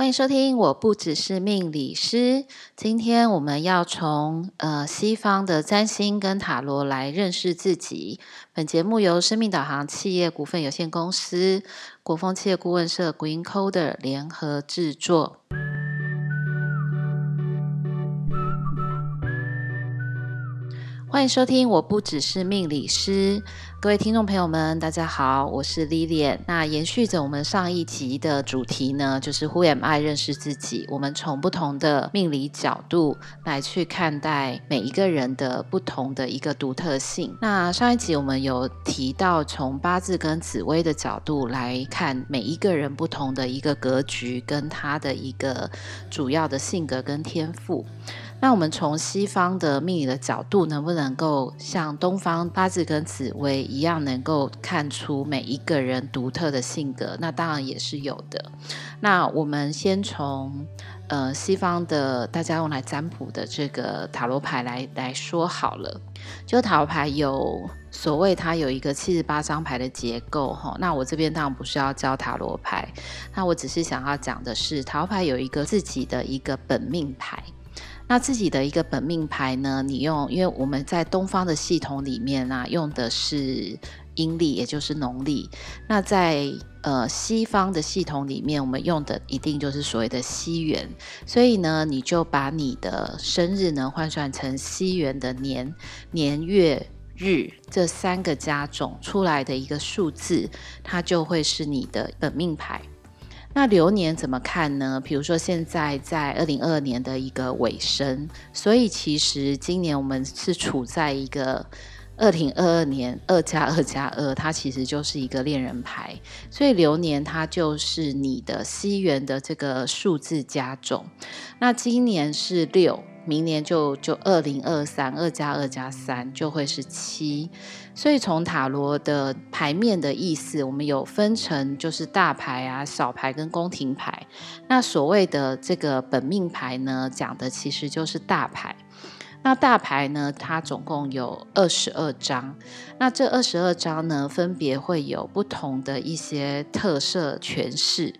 歡迎收聽，我不只是命理師。今天我們要從呃西方的占星跟塔羅來認識自己。本節目由生命導航企業股份有限公司、國峰企業顧問社 （GreenCoder） 聯合製作。歡迎收聽，我不只是命理師，各位聽眾朋友們，大家好，我是 Lily。那延續着我們上一集的主題呢，就是 w HMI o a 認識自己。我們從不同的命理角度來去看待每一個人的不同的一個獨特性。那上一集我們有提到，從八字跟紫薇的角度來看，每一個人不同的一個格局跟他的一個主要的性格跟天賦。那我們從西方的命理的角度，能不能夠像東方八字跟紫微一樣，能夠看出每一個人獨特的性格？那當然也是有的。那我們先從呃西方的大家用來占卜的這個塔羅牌來來說好了。就塔羅牌有所謂它有一個七十八張牌的結構吼。那我這邊當然不是要教塔羅牌，那我只是想要講的是塔羅牌有一個自己的一個本命牌。那自己的一個本命牌呢，你用，因為我們在東方的系統裡面啊，用的是陰曆，也就是農曆。那在呃西方的系統裡面，我們用的一定就是所謂的西元。所以呢，你就把你的生日呢換算成西元的年、年月日這三個加總出來的一個數字，它就會是你的本命牌。那流年怎麼看呢？比如說現在在二零二二年的一個尾聲，所以其實今年我們是處在一個二零二二年，二加二加二，它其實就是一個戀人牌，所以流年它就是你的西元的這個數字加總，那今年是六。明年就就二零二三二加二加三就會是七，所以從塔羅的牌面的意思，我們有分成就是大牌啊、小牌跟宮廷牌。那所謂的這個本命牌呢，講的其實就是大牌。那大牌呢，它總共有二十二張。那這二十二張呢，分別會有不同的一些特色詮釋。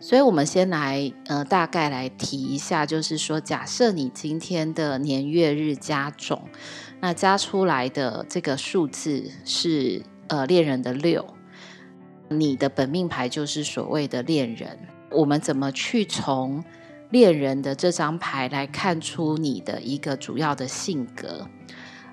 所以，我們先來呃，大概來提一下，就是說，假設你今天的年月日加總，那加出來的這個數字是呃，戀人的六，你的本命牌就是所謂的戀人。我們怎麼去從戀人的這張牌來看出你的一個主要的性格，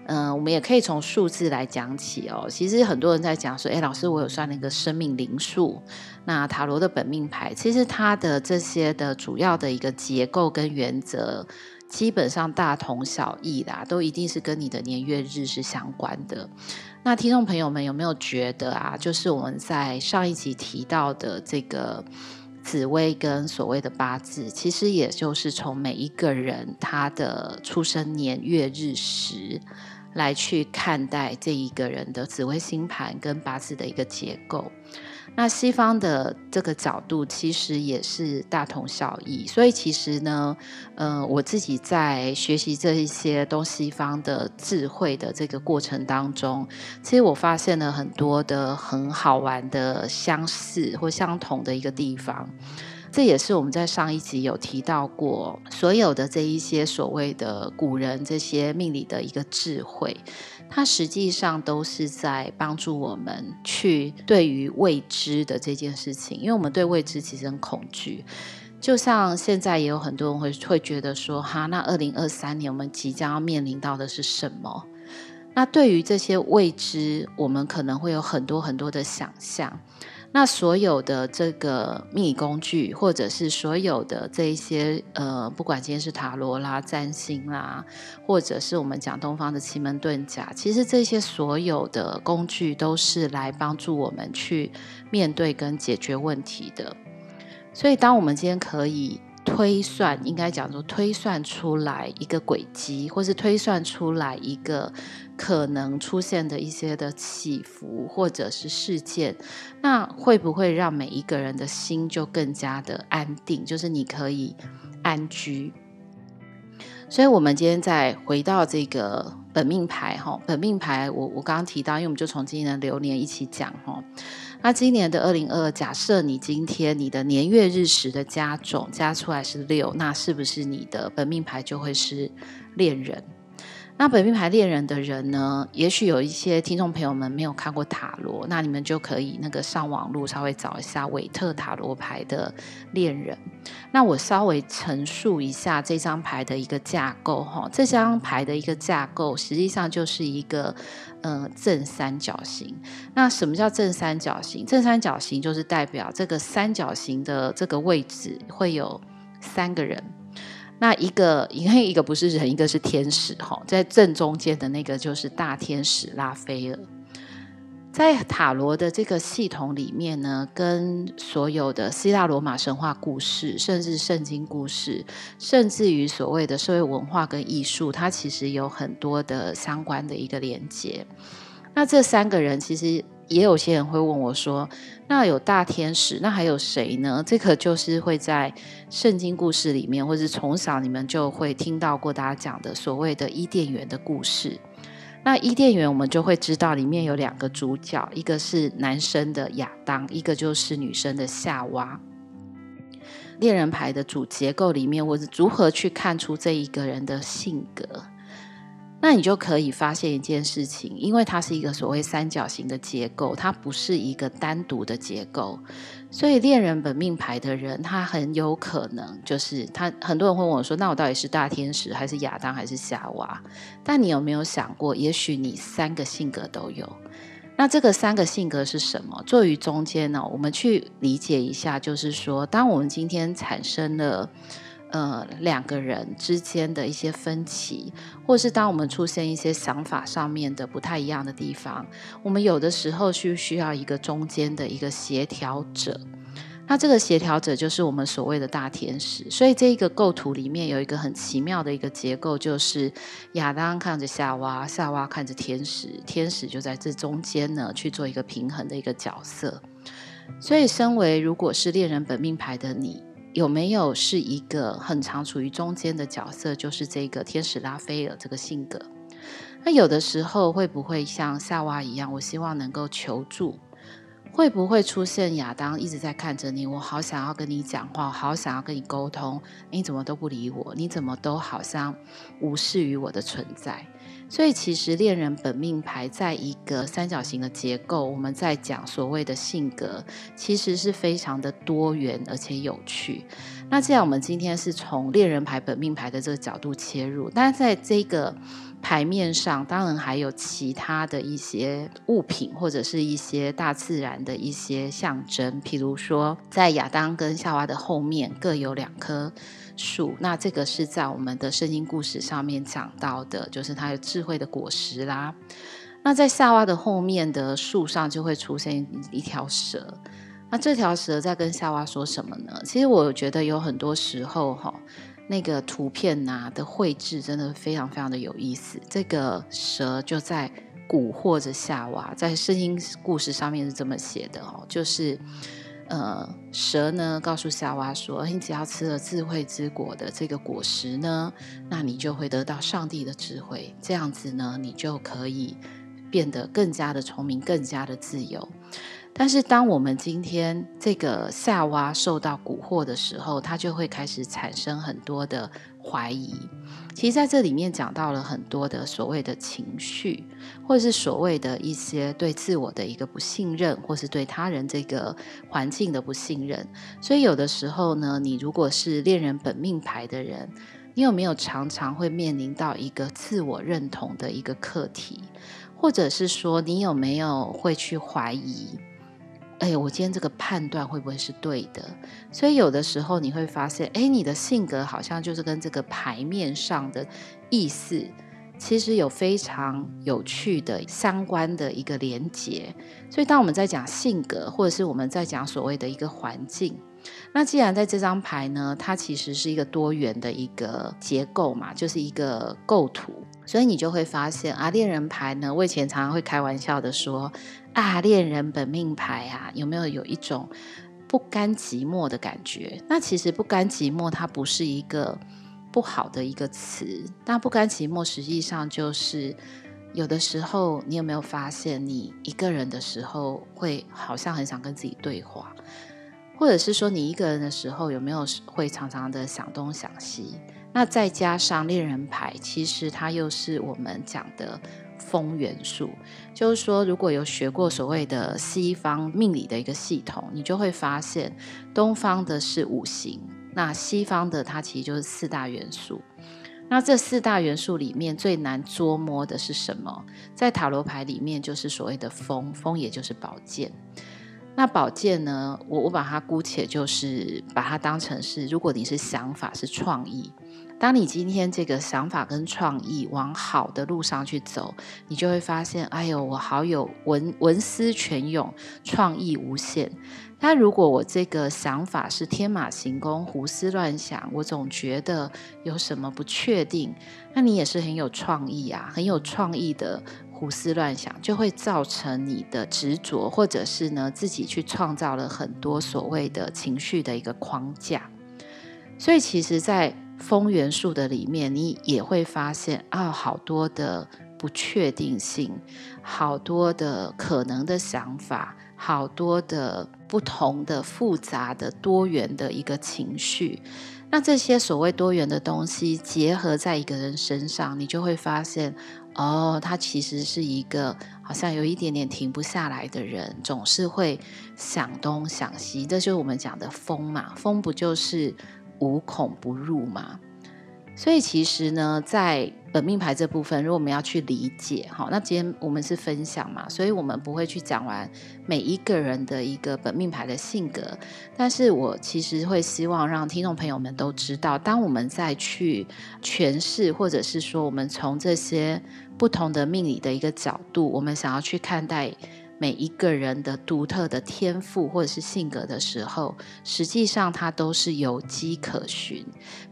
嗯、呃，我們也可以從數字來講起哦。其實很多人在講說，哎、欸，老師，我有算了一個生命靈數。那塔羅的本命牌，其實它的這些的主要的一個結構跟原則，基本上大同小異啦，都一定是跟你的年月日是相關的。那聽眾朋友們有沒有覺得啊？就是我們在上一集提到的這個。紫微跟所謂的八字，其實也就是從每一個人他的出生年月日時來去看待這一個人的紫微星盤跟八字的一個結構。那西方的這個角度其實也是大同小異，所以其實呢，呃，我自己在學習這一些東西方的智慧的這個過程當中，其實我發現了很多的很好玩的相似或相同的一個地方。這也是我們在上一集有提到過，所有的這一些所謂的古人這些命理的一個智慧。它實際上都是在幫助我們去對於未知的這件事情。因為我們對未知其實很恐懼，就像現在也有很多人會會覺得說：“哈，那二零二三年我們即將要面臨到的是什麼？”那對於這些未知，我們可能會有很多很多的想象。那所有的這個命理工具，或者是所有的這一些呃，不管今天是塔羅啦、占星啦，或者是我們講東方的奇門遁甲，其實這些所有的工具都是來幫助我們去面對跟解決問題的。所以，當我們今天可以。推算應該講說推算出來一個軌跡，或是推算出來一個可能出現的一些的起伏，或者是事件，那會不會讓每一個人的心就更加的安定？就是你可以安居。所以，我們今天再回到這個。本命牌哈，本命牌我我剛剛提到，因為我們就從今年的流年一起講哈。那今年的二零二二，假設你今天你的年月日時的加總加出來是六，那是不是你的本命牌就會是戀人？那本命牌戀人的人呢？也許有一些聽眾朋友們沒有看過塔羅，那你們就可以那個上網路稍微找一下韋特塔羅牌的戀人。那我稍微陳述一下這張牌的一個架構哈，這張牌的一個架構實際上就是一個嗯、呃、正三角形。那什麼叫正三角形？正三角形就是代表這個三角形的這個位置會有三個人。那一個，一個不是人，一個是天使，哈，在正中間的那個就是大天使拉斐爾。在塔羅的這個系統裡面呢，跟所有的希臘羅馬神話故事，甚至聖經故事，甚至於所謂的社會文化跟藝術，它其實有很多的相關的一個連接。那這三個人其實。也有些人會問我說：“那有大天使，那還有誰呢？”這可、個、就是會在聖經故事裡面，或是從小你們就會聽到過大家講的所謂的伊甸園的故事。那伊甸園我們就會知道裡面有兩個主角，一個是男生的亞當，一個就是女生的夏娃。戀人牌的主結構裡面，我是如何去看出這一個人的性格？那你就可以發現一件事情，因為它是一個所謂三角形的結構，它不是一個單獨的結構，所以戀人本命牌的人，他很有可能就是他。很多人會問我說：“那我到底是大天使還是亞當還是夏娃？”但你有沒有想過，也許你三個性格都有？那這個三個性格是什麼？坐於中間呢、哦？我們去理解一下，就是說，當我們今天產生了。呃、嗯，兩個人之間的一些分歧，或是當我們出現一些想法上面的不太一樣的地方，我們有的時候是需要一個中間的一個協調者。那這個協調者就是我們所謂的大天使。所以這一個構圖裡面有一個很奇妙的一個結構，就是亞當看着夏娃，夏娃看着天使，天使就在這中間呢去做一個平衡的一個角色。所以，身為如果是戀人本命牌的你。有沒有是一個很常處於中間的角色，就是這個天使拉斐爾這個性格？那有的時候會不會像夏娃一樣？我希望能夠求助，會不會出現亞當一直在看着你？我好想要跟你講話，我好想要跟你溝通，你怎麼都不理我？你怎麼都好像無視於我的存在？所以其實戀人本命牌在一個三角形的結構，我們在講所謂的性格，其實是非常的多元而且有趣。那既然我們今天是從戀人牌本命牌的這個角度切入，但在這個牌面上，當然還有其他的一些物品或者是一些大自然的一些象徵，譬如說在亞當跟夏娃的後面各有兩顆，樹，那這個是在我們的聖經故事上面講到的，就是它的智慧的果實啦。那在夏娃的後面的樹上就會出現一條蛇，那這條蛇在跟夏娃說什麼呢？其實我覺得有很多時候哈、哦，那個圖片吶、啊、的繪製真的非常非常的有意思。這個蛇就在蠱惑着夏娃，在聖經故事上面是這麼寫的哦，就是。呃，蛇呢，告訴夏娃說：“你只要吃了智慧之果的這個果實呢，那你就會得到上帝的智慧，這樣子呢，你就可以變得更加的聰明，更加的自由。”但是，當我們今天這個夏娃受到蠱惑的時候，她就會開始產生很多的。懷疑，其實在這裡面講到了很多的所謂的情緒，或者是所謂的一些對自我的一個不信任，或是對他人這個環境的不信任。所以有的時候呢，你如果是戀人本命牌的人，你有沒有常常會面臨到一個自我認同的一個課題，或者是說你有沒有會去懷疑？哎、欸，我今天這個判斷會不會是對的？所以有的時候你會發現，哎、欸，你的性格好像就是跟這個牌面上的意思，其實有非常有趣的相關的一個連接。所以當我們在講性格，或者是我們在講所謂的一個環境。那既然在這張牌呢，它其實是一個多元的一個結構嘛，就是一個構圖，所以你就會發現啊，戀人牌呢，我以前常常會開玩笑的說啊，戀人本命牌啊，有沒有有一種不甘寂寞的感覺？那其實不甘寂寞，它不是一個不好的一個詞，那不甘寂寞實際上就是有的時候，你有沒有發現，你一個人的時候會好像很想跟自己對話？或者是說你一個人的時候有沒有會常常的想東想西？那再加上戀人牌，其實它又是我們講的風元素。就是說，如果有學過所謂的西方命理的一個系統，你就會發現東方的是五行，那西方的它其實就是四大元素。那這四大元素裡面最難捉摸的是什麼？在塔羅牌裡面就是所謂的風，風也就是寶劍。那寶劍呢？我我把它姑且就是把它當成是，如果你是想法是創意，當你今天這個想法跟創意往好的路上去走，你就會發現，哎呦，我好有文文思泉湧，創意無限。那如果我這個想法是天馬行空、胡思亂想，我總覺得有什麼不確定，那你也是很有創意啊，很有創意的。胡思亂想就會造成你的執着，或者是呢，自己去創造了很多所謂的情緒的一個框架。所以，其實，在風元素的裡面，你也會發現啊，好多的不確定性，好多的可能的想法，好多的不同的複雜的多元的一個情緒。那這些所謂多元的東西結合在一個人身上，你就會發現，哦，他其實是一個好像有一點點停不下來的人，總是會想東想西。這就是我們講的風嘛，風不就是無孔不入嘛？所以其實呢，在。本命牌這部分，如果我們要去理解，哈，那今天我們是分享嘛，所以我們不會去講完每一個人的一個本命牌的性格，但是我其實會希望讓聽眾朋友們都知道，當我們再去詮釋，或者是說我們從這些不同的命理的一個角度，我們想要去看待。每一個人的獨特的天賦或者是性格的時候，實際上它都是有跡可循，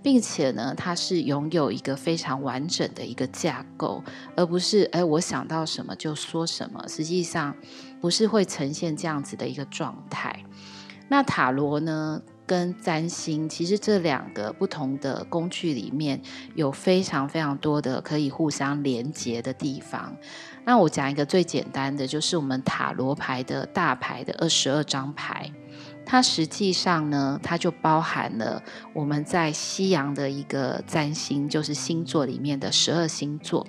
並且呢，它是擁有一個非常完整的一個架構，而不是誒、欸，我想到什麼就說什麼，實際上不是會呈現這樣子的一個狀態。那塔羅呢，跟占星其實這兩個不同的工具裡面有非常非常多的可以互相連接的地方。那我講一個最簡單的，就是我們塔羅牌的大牌的二十二張牌，它實際上呢，它就包含了我們在西洋的一個占星，就是星座裡面的十二星座。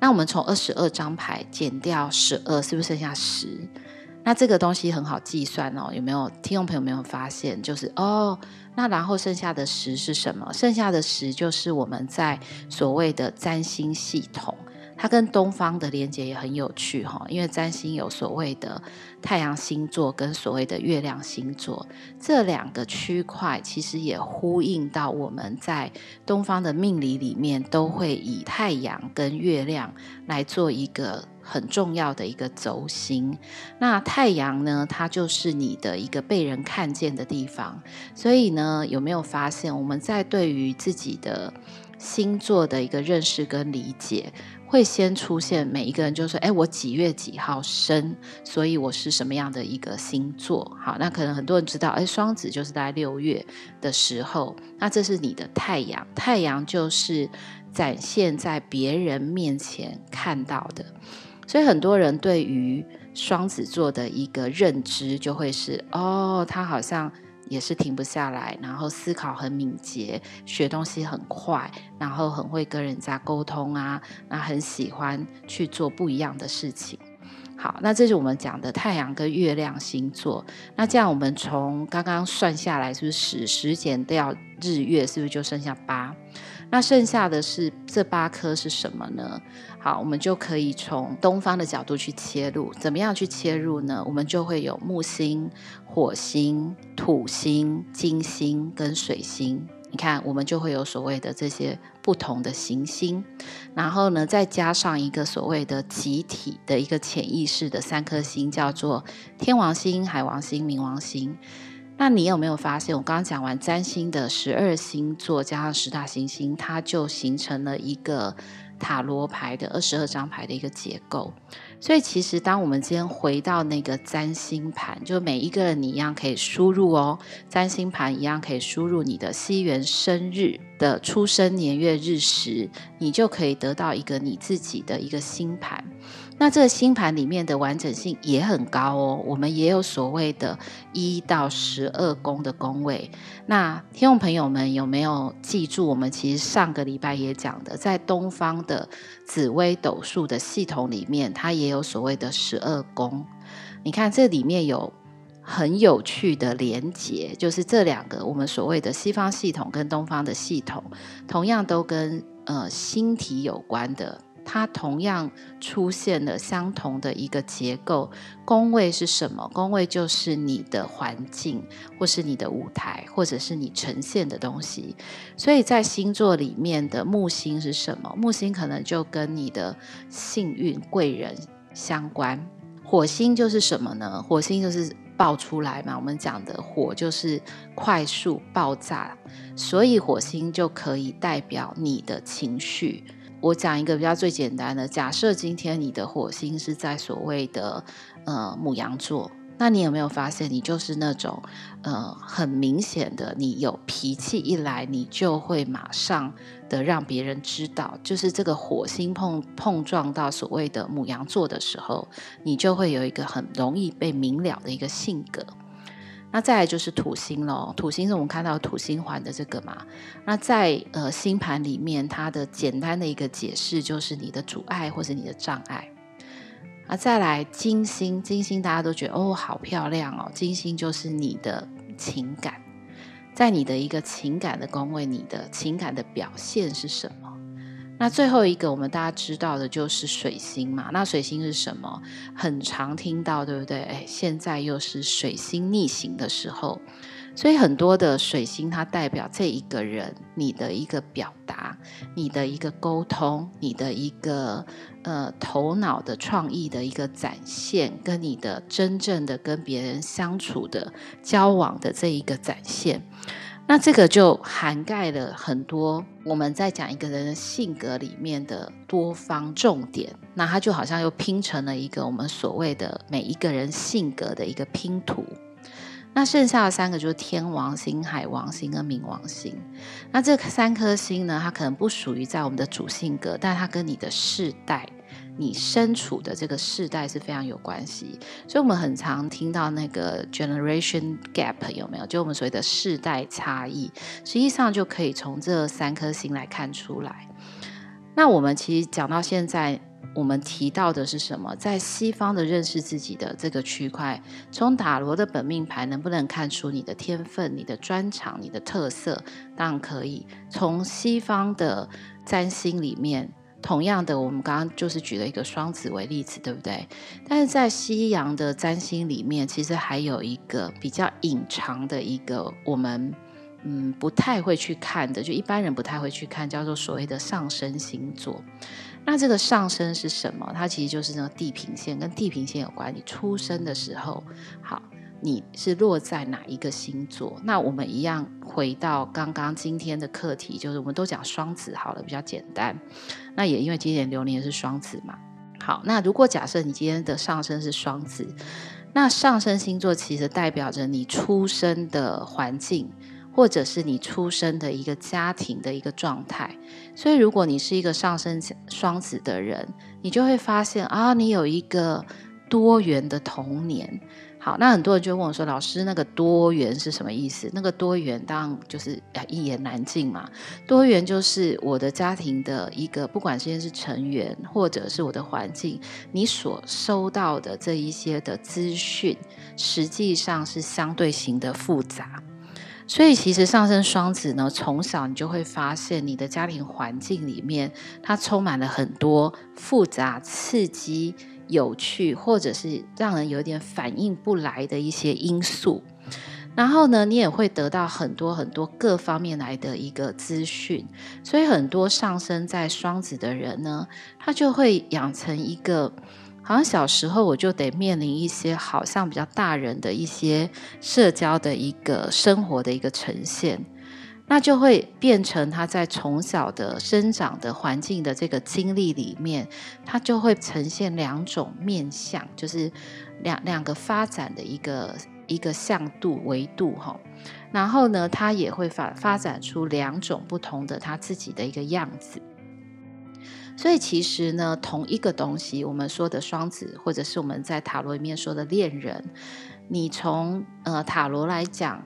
那我們從二十二張牌減掉十二，是不是剩下十？那這個東西很好計算哦。有沒有聽眾朋友，有沒有發現？就是哦，那然後剩下的十是什麼？剩下的十就是我們在所謂的占星系統。它跟東方的連接也很有趣哈，因為占星有所謂的太陽星座跟所謂的月亮星座這兩個區塊，其實也呼應到我們在東方的命理裡面都會以太陽跟月亮來做一個很重要的一個軸心。那太陽呢，它就是你的一個被人看見的地方，所以呢，有沒有發現我們在對於自己的星座的一個認識跟理解？會先出現每一個人，就說：“哎，我幾月幾號生，所以我是什麼樣的一個星座？”好，那可能很多人知道，哎，雙子就是在六月的時候，那這是你的太陽，太陽就是展現在別人面前看到的，所以很多人對於雙子座的一個認知就會是：哦，他好像。也是停不下來，然後思考很敏捷，學東西很快，然後很會跟人家溝通啊，那很喜歡去做不一樣的事情。好，那這是我們講的太陽跟月亮星座。那這樣我們從剛剛算下來，就是十減掉日月，是不是就剩下八？那剩下的是這八顆是什麼呢？好，我們就可以從東方的角度去切入。怎麼樣去切入呢？我們就會有木星、火星、土星、金星跟水星。你看，我們就會有所謂的這些不同的行星。然後呢，再加上一個所謂的集體的一個潛意識的三顆星，叫做天王星、海王星、冥王星。那你有沒有發現，我剛剛講完占星的十二星座加上十大行星，它就形成了一個塔羅牌的二十二張牌的一個結構。所以，其實當我們今天回到那個占星盤，就每一個人你一樣可以輸入哦，占星盤一樣可以輸入你的西元生日的出生年月日時，你就可以得到一個你自己的一個星盤。那這個星盤裡面的完整性也很高哦，我們也有所謂的一到十二宮的宮位。那聽眾朋友們有沒有記住？我們其實上個禮拜也講的，在東方的紫微斗數的系統裡面，它也有所謂的十二宮。你看這裡面有很有趣的連接，就是這兩個我們所謂的西方系統跟東方的系統，同樣都跟呃星體有關的。它同樣出現了相同的一個結構，宮位是什麼？宮位就是你的環境，或是你的舞台，或者是你呈現的東西。所以在星座裡面的木星是什麼？木星可能就跟你的幸運貴人相關。火星就是什麼呢？火星就是爆出來嘛，我們講的火就是快速爆炸，所以火星就可以代表你的情緒。我講一個比較最簡單的假設，今天你的火星是在所謂的呃牡羊座，那你有沒有發現，你就是那種呃很明顯的，你有脾氣一來，你就會馬上的讓別人知道，就是這個火星碰碰撞到所謂的牡羊座的時候，你就會有一個很容易被明了的一個性格。那再來就是土星咯，土星是我們看到土星環的這個嘛。那在呃星盤裡面，它的簡單的一個解釋就是你的阻礙或者你的障礙。啊，再來金星，金星大家都覺得哦好漂亮哦，金星就是你的情感，在你的一個情感的宮位，你的情感的表現是什麼？那最後一個，我們大家知道的就是水星嘛。那水星是什麼？很常聽到，對不對？哎，現在又是水星逆行的時候，所以很多的水星，它代表這一個人，你的一個表達，你的一個溝通，你的一個呃頭腦的創意的一個展現，跟你的真正的跟別人相處的交往的這一個展現。那這個就涵蓋了很多我們在講一個人的性格裡面的多方重點，那它就好像又拼成了一個我們所謂的每一個人性格的一個拼圖。那剩下的三個就是天王星、海王星跟冥王星。那這三顆星呢，它可能不屬於在我們的主性格，但它跟你的世代，你身處的這個世代是非常有關係，所以我們很常聽到那個 generation gap 有沒有？就我們所謂的世代差異，實際上就可以從這三顆星來看出來。那我們其實講到現在，我們提到的是什麼？在西方的認識自己的這個區塊，從塔羅的本命牌能不能看出你的天分、你的專長、你的特色？當然可以。從西方的占星裡面。同樣的，我們剛剛就是舉了一個雙子為例子，對不對？但是在西洋的占星裡面，其實還有一個比較隱藏的一個，我們嗯不太會去看的，就一般人不太會去看，叫做所謂的上升星座。那這個上升是什麼？它其實就是那個地平線，跟地平線有關，你出生的時候，好。你是落在哪一個星座？那我們一樣回到剛剛今天的課題，就是我們都講雙子好了，比較簡單。那也因為今年流年是雙子嘛。好，那如果假設你今天的上升是雙子，那上升星座其實代表着你出生的環境，或者是你出生的一個家庭的一個狀態。所以，如果你是一個上升雙子的人，你就會發現啊，你有一個多元的童年。好，那很多人就問我說：“老師，那個多元是什麼意思？”那個多元當然就是一言難盡嘛。多元就是我的家庭的一個，不管甚至是成員，或者是我的環境，你所收到的這一些的資訊，實際上是相對性的複雜。所以，其實上升雙子呢，從小你就會發現，你的家庭環境裡面，它充滿了很多複雜刺激。有趣，或者是讓人有點反應不來的一些因素，然後呢，你也會得到很多很多各方面來的一個資訊，所以很多上升在雙子的人呢，他就會養成一個，好像小時候我就得面臨一些好像比較大人的一些社交的一個生活的一個呈現。那就會變成他在從小的生長的環境的這個經歷裡面，他就會呈現兩種面相，就是兩兩個發展的一個一個向度維度哈。然後呢，他也會發發展出兩種不同的他自己的一個樣子。所以其實呢，同一個東西，我們說的雙子，或者是我們在塔羅裡面說的戀人，你從呃塔羅來講，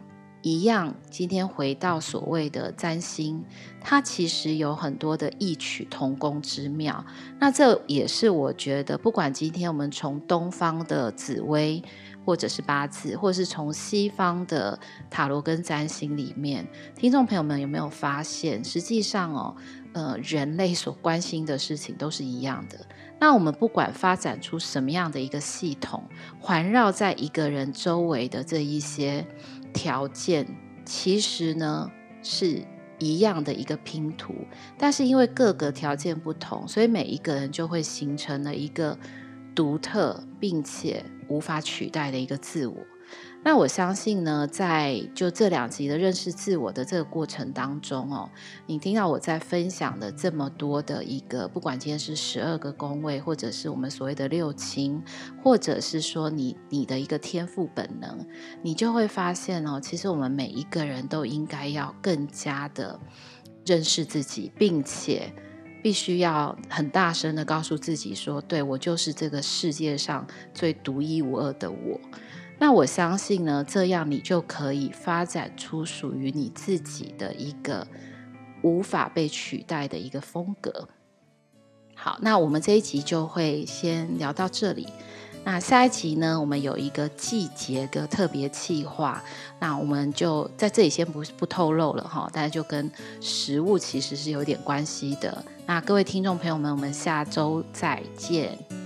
一樣，今天回到所謂的占星，它其實有很多的異曲同工之妙。那這也是我覺得，不管今天我們從東方的紫微或者是八字，或是從西方的塔羅跟占星裡面，聽眾朋友們有沒有發現，實際上哦，呃，人類所關心的事情都是一樣的。那我們不管發展出什麼樣的一個系統，環繞在一個人周圍的這一些。條件其實呢是一樣的一個拼圖，但是因為各個條件不同，所以每一個人就會形成了一個獨特並且無法取代的一個自我。那我相信呢，在就這兩集的認識自我的這個過程當中哦，你聽到我在分享的這麼多的一個，不管今天是十二個宮位，或者是我們所謂的六親，或者是說你你的一個天賦本能，你就會發現哦，其實我們每一個人都應該要更加的認識自己，並且必須要很大聲地告訴自己說，對，我就是這個世界上最獨一無二的我。那我相信呢，這樣你就可以發展出屬於你自己的一個無法被取代的一個風格。好，那我們這一集就會先聊到這裡。那下一集呢，我們有一個季節的特別企劃，那我們就在這裡先不不透露了哈。大家就跟食物其實是有點關係的。那各位聽眾朋友們，我們下周再見。